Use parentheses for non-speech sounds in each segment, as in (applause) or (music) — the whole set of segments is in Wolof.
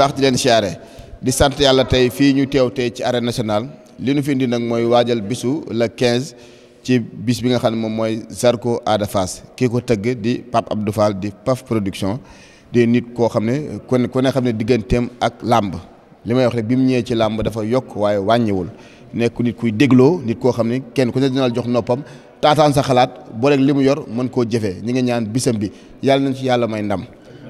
baax di leen di sant yàlla tey fii ñu teew tey ci arène nationale li nu fi ndi nag mooy waajal bisu le quinze ci bis bi nga xam ne moom mooy Zarko Ada Fass kii ko tëgg di Pape Abdou Fall di Paf production de nit koo xam ne ku ne ku ne xam ne digganteem ak làmb li may wax rek bi mu ñëwee ci làmb dafa yokk waaye wàññiwul nekk nit kuy dégloo nit koo xam ne kenn ku ne dina jox noppam taataan sa xalaat boo rek li mu yor mën koo jëfee ñi ngi ñaan bisam bi yàlla nañ ndam.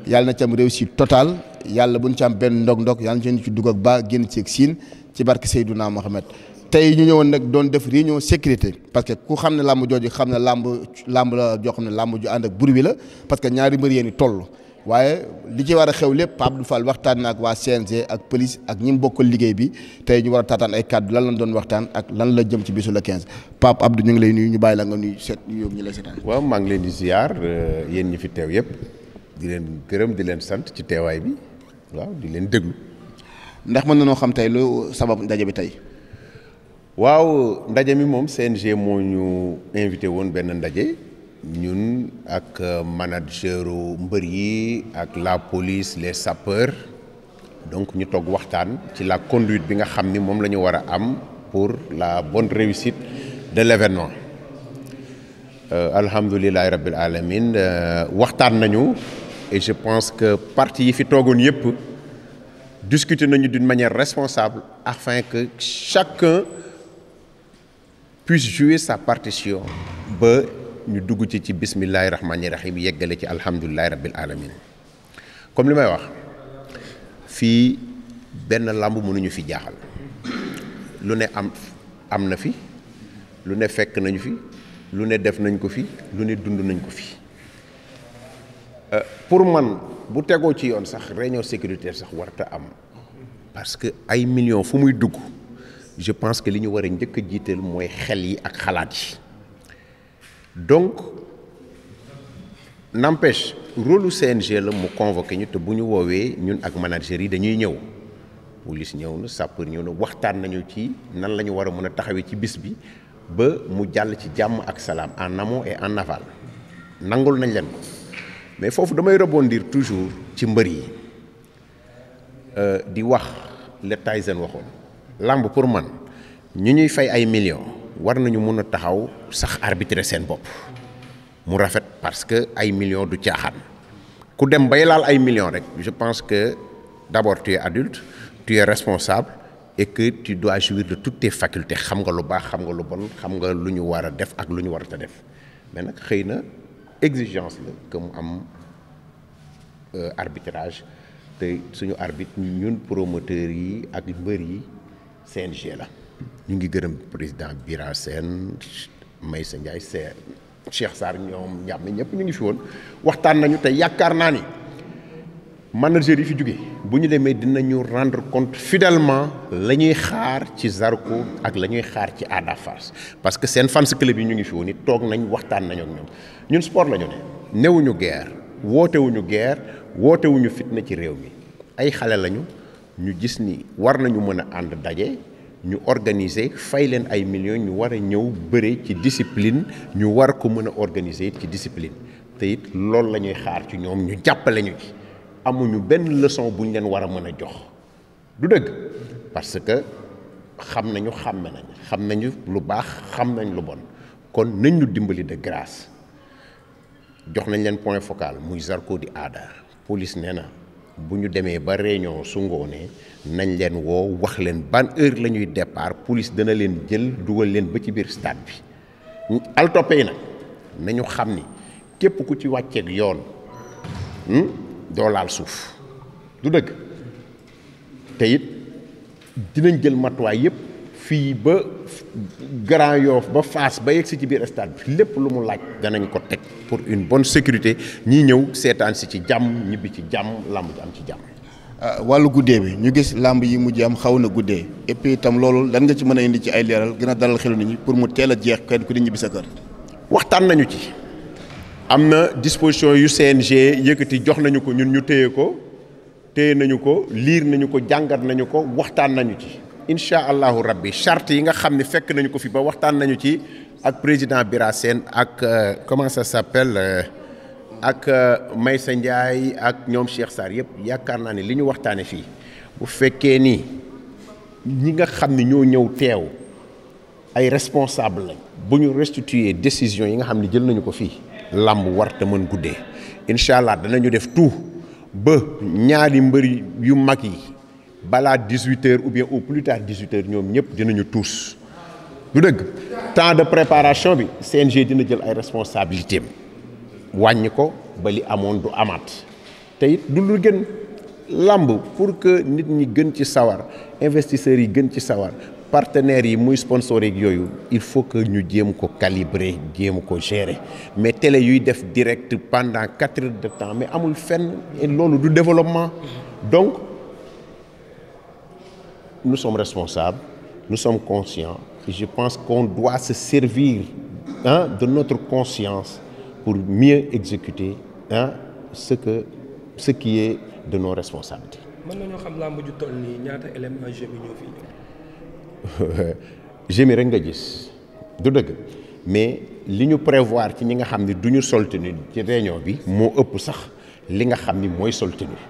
yàlla na ci am réussite totale yàlla bu ñu ci am benn ndog-ndog yàlla na ci dugg ak ba génn ci ak siin ci barke Seydouna Mohamed tey ñu ñëwoon nag doon def ñëw sécurité parce que ku xam ne làmb jooju xam ne làmb làmb la joo xam ne làmb ju ànd ak bruit la parce que ñaari mbër yéen i toll waaye li ci war a xew lépp Pape Abdou Fall waxtaan na ak waa CNG ak police ak ñi mbokk liggéey bi tey ñu war a taataan ay kàddu lan lañ doon waxtaan ak lan la jëm ci bisu le 15 Pape ñu ngi lay nuyu ñu bàyyi la nga nuyu seet ñu yóbbu ñu lay maa ngi leen di euh, yéen ñi fi teew yëpp. di leen gërëm di leen sant ci teewaay bi waaw di leen déglu. ndax mën na noo xam tey lu sabab ndaje bi tey. waaw ndaje mi moom CNG moo ñu invité woon benn ndaje ñun ak euh, manageru mbër yi ak la police les sapeurs donc ñu toog waxtaan ci la conduite bi nga xam ni moom la ñu war a am pour la bonne réussite de l'événement euh, alhamdulilahi rabbil alamin euh, waxtaan nañu je pense que partie yi fi toogoon yëpp discuter nañu di manière responsable afin que chacun puisse jouer sa partition ba ñu dugg ci ci bismillahi rahmani rahim yeggale ci alhamdulilahi rabbil alamin comme li may wax fii benn làmb mënuñu fi jaaxal lu ne am am na fi lu ne fekk nañu fi lu ne def nañ ko fi lu ne dund nañ ko fi pour man bu tegoo ci yoon sax réunion sécuritaire sax warta am parce que ay millions fu muy dugg je pense que li ñu war a njëkk a jiital mooy xel yi ak xalaat yi donc n'empêche rôle CNG la mu convoqué ñu te bu ñu woowee ñun ak manager yi dañuy ñëw police ñëw na sapeur ñëw na waxtaan nañu ci nan la ñu war a mën a taxawee ci bis bi ba mu jàll ci jàmm ak salaam en namo et en aval nangul nañ leen ko mais foofu damay rebondir toujours ci mbër yi euh, di wax le Tyson waxoon làmb pour man ñu ñuy fay ay millions war nañu mun a taxaw sax arbitrer seen bopp mu rafet parce que ay millions du caaxaan ku dem bay laal ay millions rek je pense que d'abord tu es adulte tu es responsable et que tu dois jouir de toutes tes facultés xam nga lu baax xam nga lu bon xam nga lu ñu war a def ak lu ñu warut a def mais nag xëy na. exigence la que mu am euh, arbitrage te suñu arbitre ñun promoteurs yi ak mbër yi seen CNG la. ñu ngi gërëm président Bira Sène Maysa Ndiaye Cheikh Sarr ñoom ñam ñëpp ñu ngi fi woon waxtaan nañu te yaakaar naa ni. manager yi fi jóge bu ñu demee dina ñu rendre compte fidèlement la ñuy xaar ci Zarko ak la ñuy xaar ci Ada Fass parce que seen fans club yi ñu ngi fi woon it toog nañu waxtaan nañu ak ñoom ñun sport la ne newuñu guerre wootewuñu guerre wootewuñu fitna ci réew mi ay xale lañu ñu gis ni war nañu mën a ànd daje ñu organiser fay leen ay millions ñu war ñëw bëre ci discipline ñu war ko mën a organiser ci discipline te it loolu la ñuy xaar ci ñoom ñu jàppale ñu ci. amuñu benn leçon bu ñu leen war a mën a jox du dëgg parce que xam nañu xàmme nañ xam nañu lu baax xam nañ lu bon kon nañ ñu dimbali de grâce jox nañ leen point focal muy Zarko di aada police nee na bu ñu demee ba réunion su ngoonee nañ leen woo wax leen ban heure la ñuy départ police dana leen jël dugal leen ba ci biir stade bi al toppe yi nag nañu xam ni képp ku ci wàcceeg yoon hmm, doo laal suuf du dëgg te it dinañ jël matuwaay yëpp fii ba Grand Yoff ba Fass ba yegsi ci biir stade bi lépp lu mu laaj danañ ko teg pour une bonne sécurité ñi ñëw seetaan si ci jàmm ñibbi ci jàmm làmb ji am ci jàmm. Euh, wàllu guddee bi ñu gis làmb yi mujj am xaw na guddee épp itam loolu lan nga ci mën a indi ci ay leeral gën a dalal xelu nit ñi pour mu teel a jeex kenn ku di ñibbi sa kër. waxtaan nañu ci. am na disposition yu CNG yëkkati jox nañu ko ñun ñu téye ko téye nañu ko liir nañu ko jàngat nañu ko waxtaan nañu ci incha allahu rabbi charte yi nga xam ni fekk nañu ko fii ba waxtaan nañu ci ak président Bira Sène ak euh, comment ça s'appelle euh, ak euh, Maysa Ndiaye ak ñoom Cheikh Sarr yëpp yaakaar naa ni li ñu waxtaane fii bu fekkee nii ñi nga xam ni ñoo ñëw teew ay responsable bu ñu restituer décision yi nga xam ne jël nañu ko fii làmb war te mën guddee incha allah danañu def tout ba ñaari mbër yu mag yi balaa dix-huit ou bien au plus tard dix-huit heures ñoom ñëpp dinañu tuus du dëgg temps de préparation bi CNG dina jël ay responsabilités wàññi ko bali amoon du amaat te it du lu gën làmb pour que nit ñi gën ci sawar investisseurs yi gën ci sawar partenaires yi muy sponsor yooyu il faut que ñu jéem ko calibrer jéem ko gérer mais télé yuy def direct pendant quatre heures de temps mais amul fenn loolu du développement donc nous sommes responsables nous sommes conscients je pense qu'on doit se servir hein, de notre conscience pour mieux exécuter hein, ce que ce qui est de nos responsabilités. mën nañoo xam làmb ju toll nii ñaata gémi (laughs) rek nga gis du dëgg mais li ñu prévoir ci ñi nga xam ni du ñu sol ci réunion bi moo ëpp sax li nga xam ni mooy sol tenue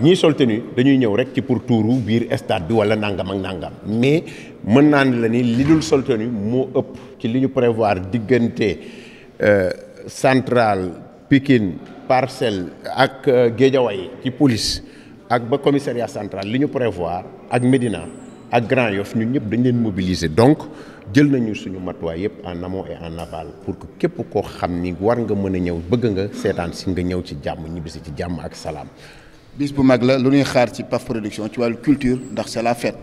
ñii sol dañuy ñëw rek ci pour tour biir stade bi wala nangam ak nangam mais mën naa la ni li dul sol moo ëpp ci li ñu prévoir diggante euh, centrale Pikine Parcelles ak euh, Guédiawaye ci police ak ba commissariat central li ñu prévoir ak Médina ak Grand Yoff ñun ñëpp dañu leen mobiliser donc jël nañu suñu matuwaay yëpp en amont et en aval pour que képp koo xam ni war nga mën a ñëw bëgg nga seetaan si nga ñëw ci jàmm ñibbisi ci jàmm ak salaam. bis bu mag la lu ñuy xaar ci PAF production ci wàllu culture ndax c'est la fête.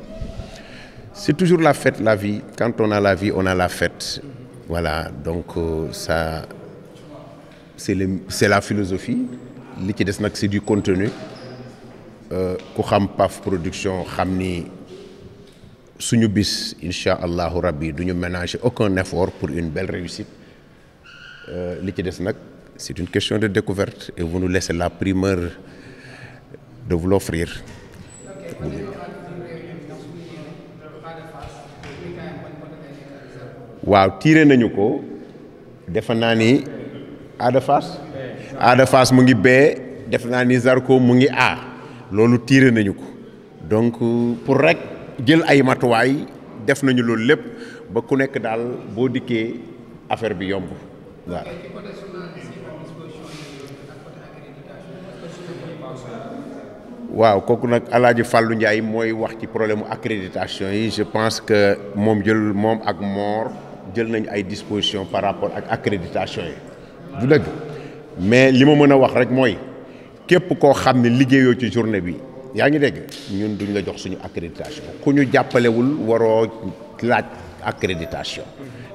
c'est toujours la fête la vie quand on a la vie on a la fête voilà donc euh, ça c'est c'est la philosophie li ci des nag c'est du contenu euh, ku xam PAF production xam ni. suñu bis incha allahu rabbi du ñu ménager aucun effort pour une belle réussite euh, li ci des nag c'est une question de découverte et vous nous laissez la primeur de vous l'offrir waaw tiire nañu ko defa naa ni Ada Fass Ada Fass mu ngi bee defe naa ni Zarko mu ngi A loolu tiire nañu ko donc pour rek jël ay matuwaay def nañu loolu lépp ba ku nekk daal boo dikkee affaire bi yomb waaw. waaw kooku nag El Hadj Fallou mooy wax ci problème accréditation yi je pense que moom jël moom ak moor jël nañu ay dispositions par rapport ak accréditation yi. bu dëgg mais li ma mën a wax rek mooy képp koo xam ne liggéeyoo ci journée bi. yaa ngi dégg ñun duñ la jox suñu accréditation ku ñu jàppalewul waroo laaj accréditation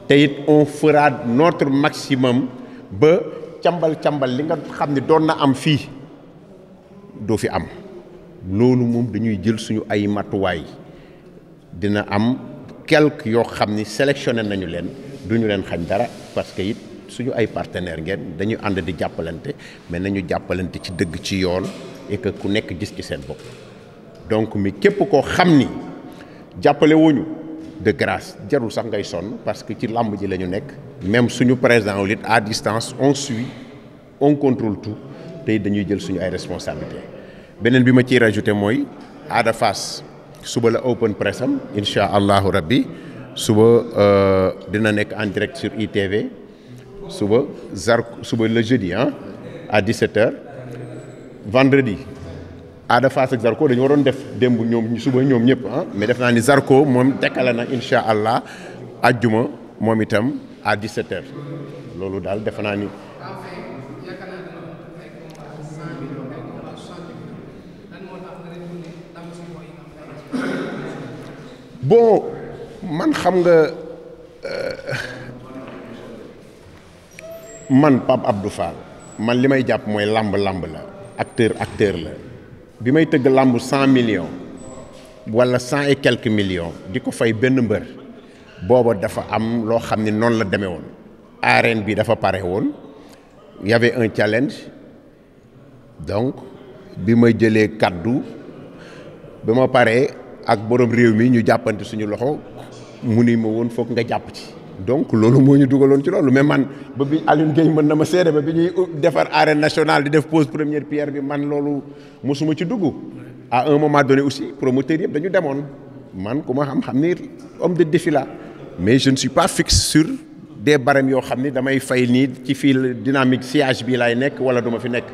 te it on fera notre maximum ba cambal cambal li nga xam ne doon na am fii doo fi am loolu moom dañuy jël suñu ay matuwaay dina am quelque yoo xam ni sélectionné nañu leen duñu leen xañ dara parce que it suñu ay partenaire ngeen dañuy ànd di jàppalante mais nañu jàppalante ci dëgg ci yoon et ku nekk gis ci seen bopp donc mi képp koo xam ni jàppale wuñu de grâce jarul sax ngay sonn parce que ci làmb ji lañu nekk même suñu président lit à distance on suit on contrôle tout tey dañuy jël suñu ay responsabilité beneen bi ma ciy rajouté mooy Ada Fass suba la open press am incha allahu rabbi suba euh, dina nekk en direct sur ITV suba zar suba le jeudi ah à 17 vendredi Ada Fass ak Zarko dañu waroon def démb ñoom suba ñoom ñëpp ah mais def naa ni Zarko moom dekkale na incha allah ajjuma moom itam à 17h loolu daal defe naa ni. bon man xam nga euh, man Pape Abdou Fall man li may jàpp mooy làmb làmb la. acteur acteur la bi may tëgg làmb cent millions wala cent et quelques million di ko fay benn mbër booba dafa am loo xam ne noonu la demee woon arène bi dafa pare woon y avait un challenge donc bi ma jëlee kàddu bi ma paree ak borom réew mi ñu jàppante suñu loxo mu ni ma woon foog nga jàpp ci donc loolu moo ñu dugaloon ci loolu mais man ba bi Alioune Gueye mën na ma seede ba bi ñuy defar arène nationale di def pose première pierre bi man loolu mosuma ci dugg à un moment donné aussi promoteur yëpp dañu demoon man ku ma xam xam ni homme de défi la mais je ne suis pas fixe sur des barèmes yoo xam ni damay fay nii ci fii dynamique ciage bii laay nekk wala duma fi nekk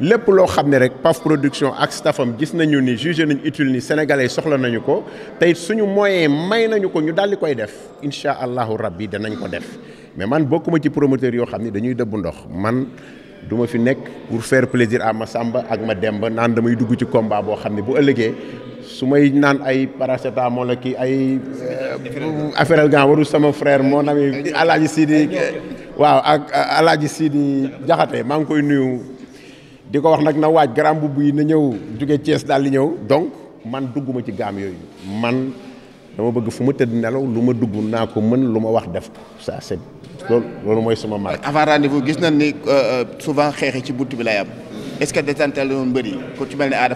lépp loo xam ne rek PAF production ak staffam gis nañu ni jugé nañu utile ni sénégalais soxla nañu ko tey suñu moyen may nañu ko ñu daal di koy def incha allahu yi danañ ko def mais man bokkuma ci promoteur yoo xam ne dañuy dëbb ndox man du ma fi nekk pour faire plaisir à Massamba ak ma Demba naan damay dugg ci komba boo xam ne bu ëllëgee su may naan ay paracétamol la kii ay euh, affaire gan warul sama frair moo frère mon ami Alaaji Sidi waaw ak euh, Alaaji Sidi Jaxate maa ngi koy nuyu di ko wax nag na waaj grand mbubb yi na ñëw jóge cees daal di ñëw donc man dugguma ci gaam yooyu man dama bëgg fu ma tëdd nelaw lu ma dugg naa ko mën lu ma wax def ko ça c'est loolu loolu mooy sama marque. avant rendez-vous gis nañ ni euh, euh, souvent xeexi ci bunt bi lay am. est-ce que détantal mbëri ko ci a jaar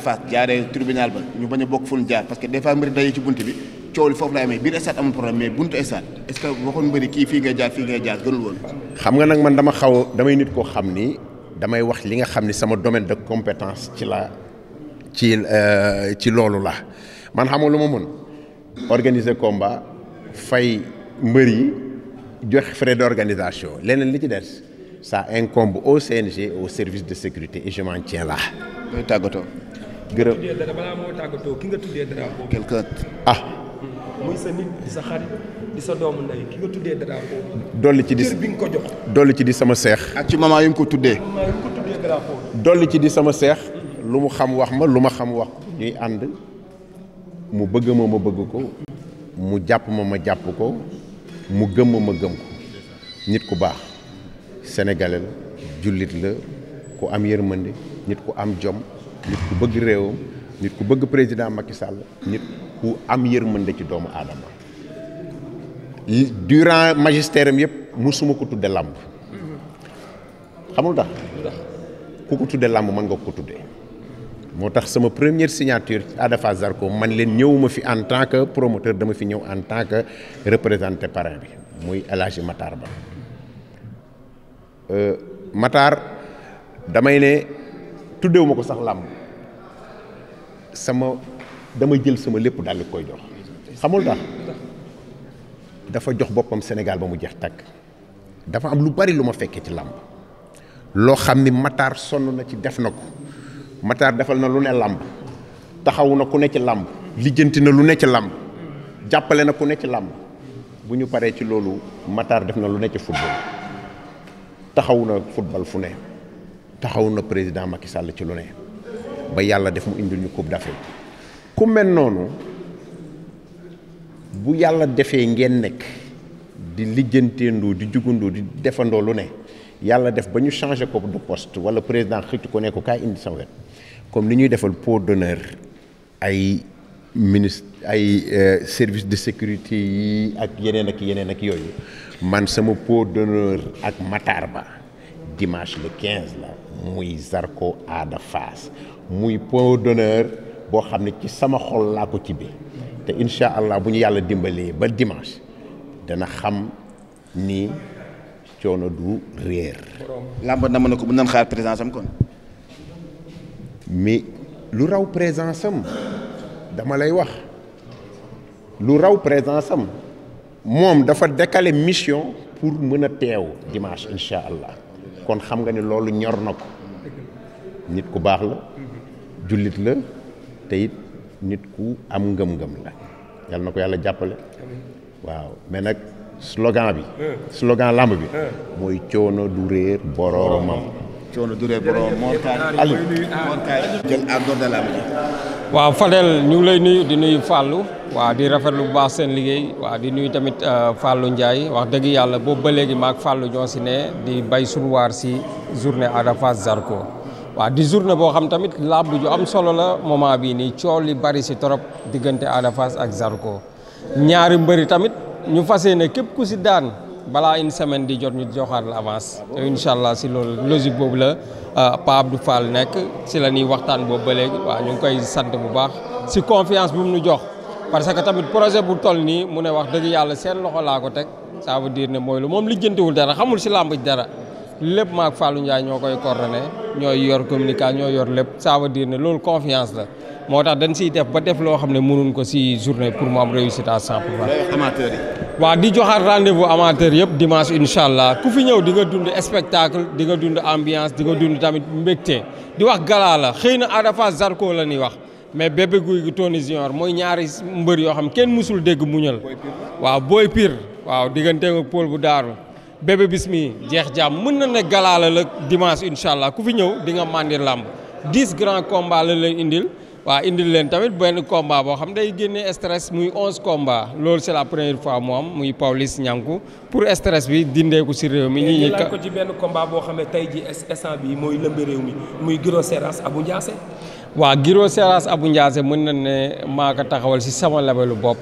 parce que des fois mbëri daje ci bunt bi coow li foofu lay amee biir stade amul problème mais buntu stade est-ce que mbëri kii fii ngay jaar fii ngay jaar gënul woon. xam nga nag man dama xaw damay nit koo xam ni. damay wax li nga xam ni sama domaine de compétence ci la ci euh, ci loolu la man xam nga lu ma mën organiser combat fay mbër yi joxe frais d'organisation leneen li ci des ça incombe au CNG au service de sécurité et je la tiens là. tàggatoo. gërëm ki nga tuddee dara. quelqu'un ah. muy sa di sa doomu ndey ki nga dolli ci di cër ko jox. ci di sama seex. ak ci maman yu mu ko tuddee. maman dolli ci di sama seex. lu mu xam wax ma lu ma xam wax ñuy ànd mu bëgg ma ma bëgg ko mu jàpp ma ma jàpp ko mu gëm ma ma gëm ko nit ku baax sénégalais la jullit la ku am yërmande nit ku am jom nit ku bëgg réewam nit ku bëgg président Macky Sall nit ku am yërmande ci doomu aadama durant magistère am yëpp musuma ko tudde làmb xamul tax ku ko tudde làmb mën nga ko tudde moo tax sama première signature Adafa Zarko man leen ñëwuma fi en tant que promoteur dama fi ñëw en tant que représenté parrain bi muy El Hadji Ba euh, Matar damay ne tuddewuma ko sax làmb sama dama jël sama lépp daal di koy jox xamul tax dafa jox boppam Sénégal ba mu jeex tàkk dafa am lu bari lu ma fekkee ci làmb loo xam ni Matar sonn na ci def na ko Matar defal na lu ne làmb taxawu na ku ne ci làmb lijjanti na lu ne ci làmb jàppale na ku ne ci làmb bu ñu paree ci loolu Matar def na lu ne ci football taxaw na football fu ne taxaw na président Macky Sall ci lu ne ba yàlla def mu indil ñu Coupe d'Afrique ku mel noonu bu yàlla defee ngeen nekk di lijjanteendoo di jugandoo di defandoo lu ne yàlla def ba ñu changé ko du post wala président xëcc ko ne ko kaay indi sama wet comme ni ñuy defal pot d'honneur ay ministre ay euh, service de sécurité yi ak yeneen ak yeneen ak yooyu man sama pot d'honneur ak Matar Ba dimanche le quinze la muy Zarko aada Fass muy pot d'honneur boo xam ne ci sama xol laa ko bi te incha allah bu ñu yàlla dimbalee ba dimanche dana xam ni coono du réer. làmb na mën na ko bu nan xaar présence am kon. mi lu raw présence am dama lay wax lu raw présence am moom dafa décaler mission pour mën a teew dimanche incha allah kon xam nga ne loolu ñor na ko nit ku baax la jullit la te nit ku am ngëm-ngëm la yàlla na ko yàlla jàppale waaw mais nag slogan bi slogan lamb bi mooy coono du réer boroomam coono du ah. waaw Fadel ñu ngi lay nuyu di nuyu Fallou waa di rafet lu baax seen liggéey waaw di nuyu tamit euh, Fallou njaay wax dëgg yàlla boobu ba léegi ak fàllu ñoo si ne di bay suñu si journée Ada Fass Zarko waaw di na boo xam tamit làmb ju am solo la moment bii nii coow li bari si trop diggante Ada Fass ak Zarko ñaari mbëri tamit ñu fas yéene képp ku si daan balaa une semaine di jot ñu joxaat la avance te allah si loolu logique boobu la euh, Pa Abdou Fall nekk si la ñuy waxtaan boobu ba léegi waaw ñu ngi koy sant bu baax si confiance bi mu nu jox parce que tamit projet bu toll nii mu ne wax dëgg yàlla seen loxo laa ko teg ça veut ne mooy lu moom lijjantiwul dara xamul si làmb dara lépp maak Fallou Ndiaye ñoo koy coordonné ñooy yor communication ñooy yor lépp ça veut loolu confiance la moo tax dañ siy def ba def loo xam ne mënuñ ko si journée pour mu am réussite à 100 pour amateur yi. waaw di joxaat rendez amateur yëpp dimanche incha allah ku fi ñëw di nga dund spectacle di nga dund ambiance dinga nga dund tamit mbégte di wax gala xëy na Ada Fass Zarko la ñuy wax. mais Bébé Gouy Gui Tony Junior mooy ñaari mbër yoo xam kenn musul dégg muñal waaw booy pire waaw diggante ak bébé bismi jeex jaam mën na ne galaa la la dimanche incha allah ku fi ñëw dinga nga làmb dix grands combats la leen indil waa indil leen tamit benn combat boo xam ne day génnee stress muy onze combats loolu c'est la première fois mu am muy Pawlish Ñanku pour stress bi dindee ko si réew mi. ñi ñi ko ci benn combat boo xam ne tey jii instant bii mooy lëmb réew mi muy Giro Seras Abou Ndiassé waa giro Seras Abou Ndiassé mën nañ ne maa taxawal si sama labelu bopp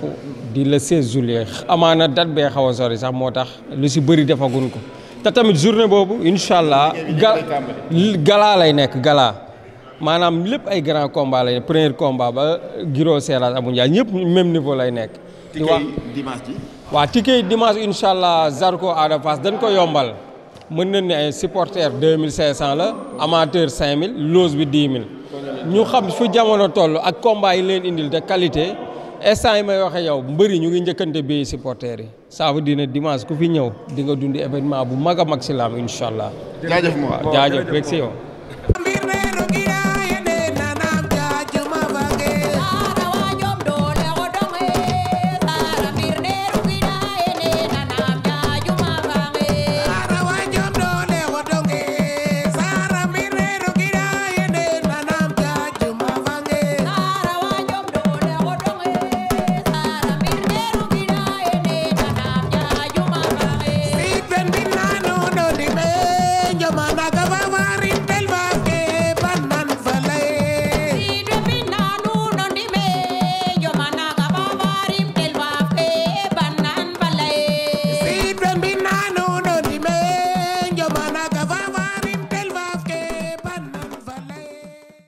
di le 16 amaa na date bee xaw a sori sax moo tax lu si bëri defagun ko te tamit journée boobu incha allah galaa lay nekk galaa maanaam lépp ay grand combat lay premier combat ba Guiro Seras Abou Ndiassé ñëpp même niveau lay nekk. di wax dimanche waa ticket yi dimanche incha allah Zarko Ada Fass dañ ko yombal mën nañ ne ay supporters 2500 la amateur 5000 loge bi 10 000. ñu xam fu jamono toll ak combat yi leen indil de qualité instant yi may waxe yow mbëri ñu ngi njëkkante bi supporters yi ça veut dire dimanche ku fi ñëw di nga dundi événement bu mag a mag si laam incha allah. jaajëf moom jaajëf rek si yow.